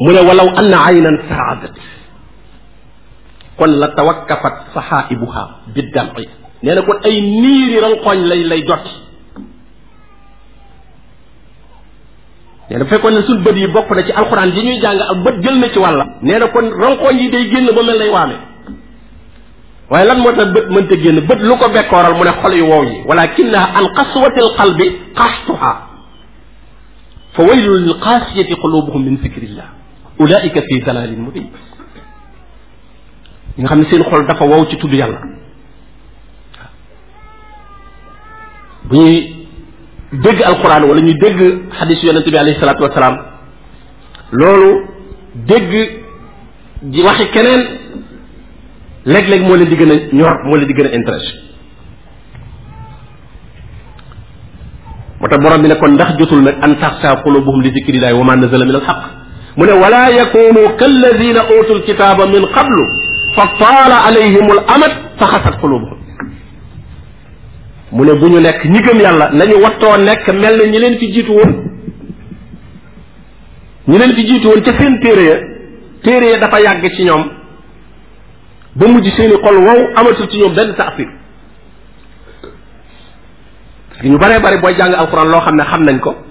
mu ne walaw anna aynan saadat kon la tawakkafat saxaa'ibuha biddam'i nee na kon ay niiri ranqooñ lay lay dotti nee na bu fekkoon ne suñ bët yi bokk na ci alxuraan yi ñuy jàng ak bët jël na ci wàlla nee na kon ranqooñ yi day génn ba mel lay waame waaye lan moo tax bët mënta génn bët lu ko bekkooral mu ne xol yu wow yi walakinaha an qaswatil qalbi qastuha fa waylul lil qaasiyati qulubuhum min zikrillah ulaika fi dalalin mubin ñi nga xam ne seen xol dafa wow ci tudd yàlla bu ñuy dégg alquran wala ñuy dégg xadisu yonent bi alayhi salaatu wasalaam loolu dégg ji waxi keneen léeg-léeg moo leen di gën a ñor moo leen di gën a intéressé moo tax borom bi ne kon ndax jotul nag an taxsa qulubuhum li zikrillahi wa ma nazala min al mu ne wala yakunu kalladina utul kitaaba min qablu fa taala alayhim al amad fa xasat qulubuhum mu ne bu ñu nekk ñi gëm yàlla nañu wattoo nekk mel na ñu leen fi jiitu woon ñi leen fi jiitu woon ca seen téere ya téere ya dafa yàgg ci ñoom ba mujj seeni xol wow amatul ci ñoom benn taafir parce que ñu bare bare booy jàng alxuraan loo xam ne xam nañ ko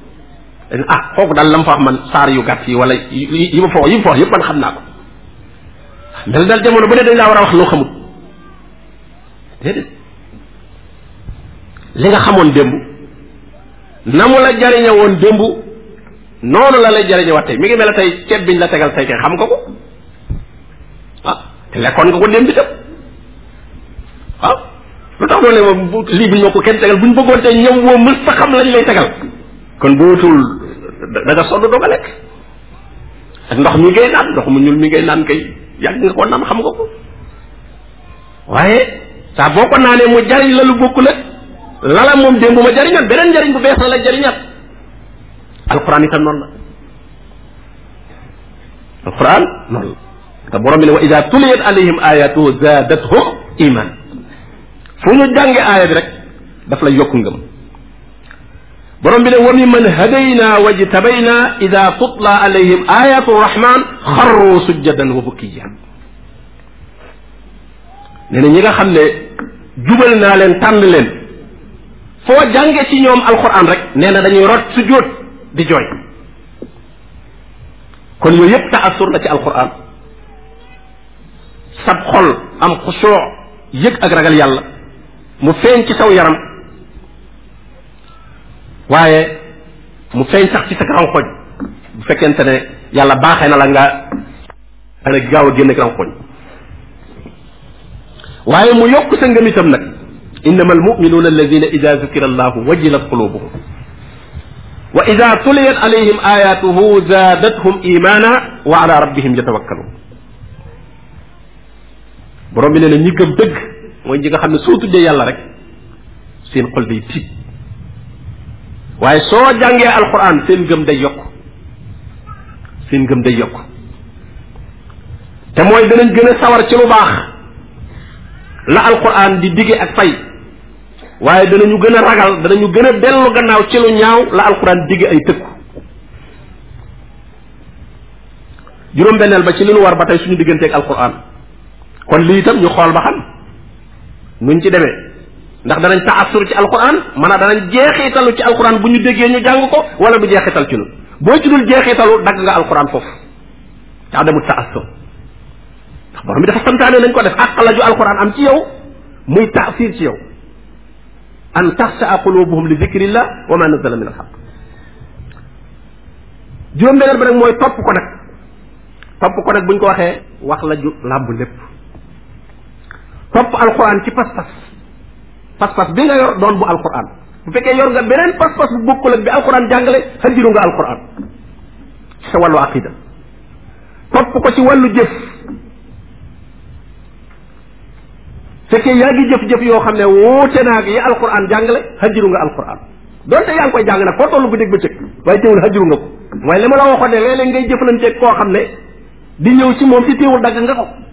ah kooku daal la mu fa wax man saar yu gàtt yi wala yi ma fa yi ma fa wax yëpp xam naa ko mel daal jamono bu ne dañ laa war a wax loo xamul déedéet li nga xamoon démb na mu la jariñe woon démb noonu la lay jariñe wat tey mi ngi mel ne tay ceeb biñ la tegal tey kay xam nga ko ah te lekkoon nga ko démb itam waaw ah, lu tax doon ne lii buñ ma ko kenn tegal buñ bëggoon tey ñoom woo mës lañ lay tegal kon bootul da nga doog a lekk ak ndox mi ngay naan ndox mu ñuul mi ngay naan kay yàgg nga ko naan xam nga ko waaye saa boo ko naanee mu jariñ la lu bokkul ak lala moom démb ma jariñoon beneen jariñ bu bees la la jariñat alquran itam noonu la alquran noonu la te borom bi ne wa ida tuliyat alayhim fu ñu jànge aaya bi rek daf lay yokk ngëm borom bi ne wa mimman hadayna wajtabayna ida tutla alayhim ayatu rahman xarru sujjadan wa bukkiya nee na ñi nga xam ne jubal naa leen tànn leen foo jànge ci ñoom alquran rek nee na dañuy rot su jóot di jooy kon yooyu yëpp taasur la ci alquran sab xol am xusoo yëg ak ragal yàlla mu feeñ ci saw yaram waaye mu feeñ sax ci sa rankoñ bu fekkente ne yàlla baaxee na la nga dana gaaw a génn ak rankoñ waaye mu yokk sa ngëm itam nag innama almuminuuna alladina ida zukira allahu wajilat qulubuhum wa ida tuliyat alayhim ayatuhu zaadathum imana wa ala rabbihim yatawakkaluun borom bi nee na ñi gëm dëgg mooy ñi nga xam ne soo tuddee yàlla rek seen xol day tiit waaye soo jàngee alquran seen gëm day yokk seen gëm day yokk te mooy danañ gën a sawar ci lu baax la alquran di dige ak fay waaye danañu gën a ragal danañu gën a dellu gannaaw ci lu ñaaw la alquran dige ay tëkku juróom-benneel ba ci li war ba tey suñu digganteeg alquran kon lii itam ñu xool ba xam nuñ ci demee ndax danañ taasur ci alquran maanaam danañ jeexitalu ci alquran bu ñu déggee ñu jàng ko wala bu tal ci ñun boo ci dul jeexitalu dagg nga alquran foofu te adamu taasur ndax borom bi dafa santaane nañ ko def àq la ju alquran am ci yow muy taasir ci yow an taxsaa qulubuhum li dicrillah wa ma nazala min alxaq juróom-beneen ba nag mooy topp ko nag topp ko nag bu ñu ko waxee wax la ju làmb lépp topp alquran ci pas-pas pas-pas bi nga yor doon bu alquran bu fekkee yor nga beneen pas-pas bu bokkul ak bi alquran jàngale xandiru nga alquran ci sa wàllu aqida topp ko jëf fekkee yaa jëf-jëf yoo xam ne woote naa yi alquran jàngale xandiru nga alquran donte yaa ngi koy jàng nag foo toll bu dégg ba cëg waaye teewul xandiru nga ko mooy li ma la waxoon ne ngay jëflanteeg koo xam ne di ñëw ci moom ci teewul dagg nga ko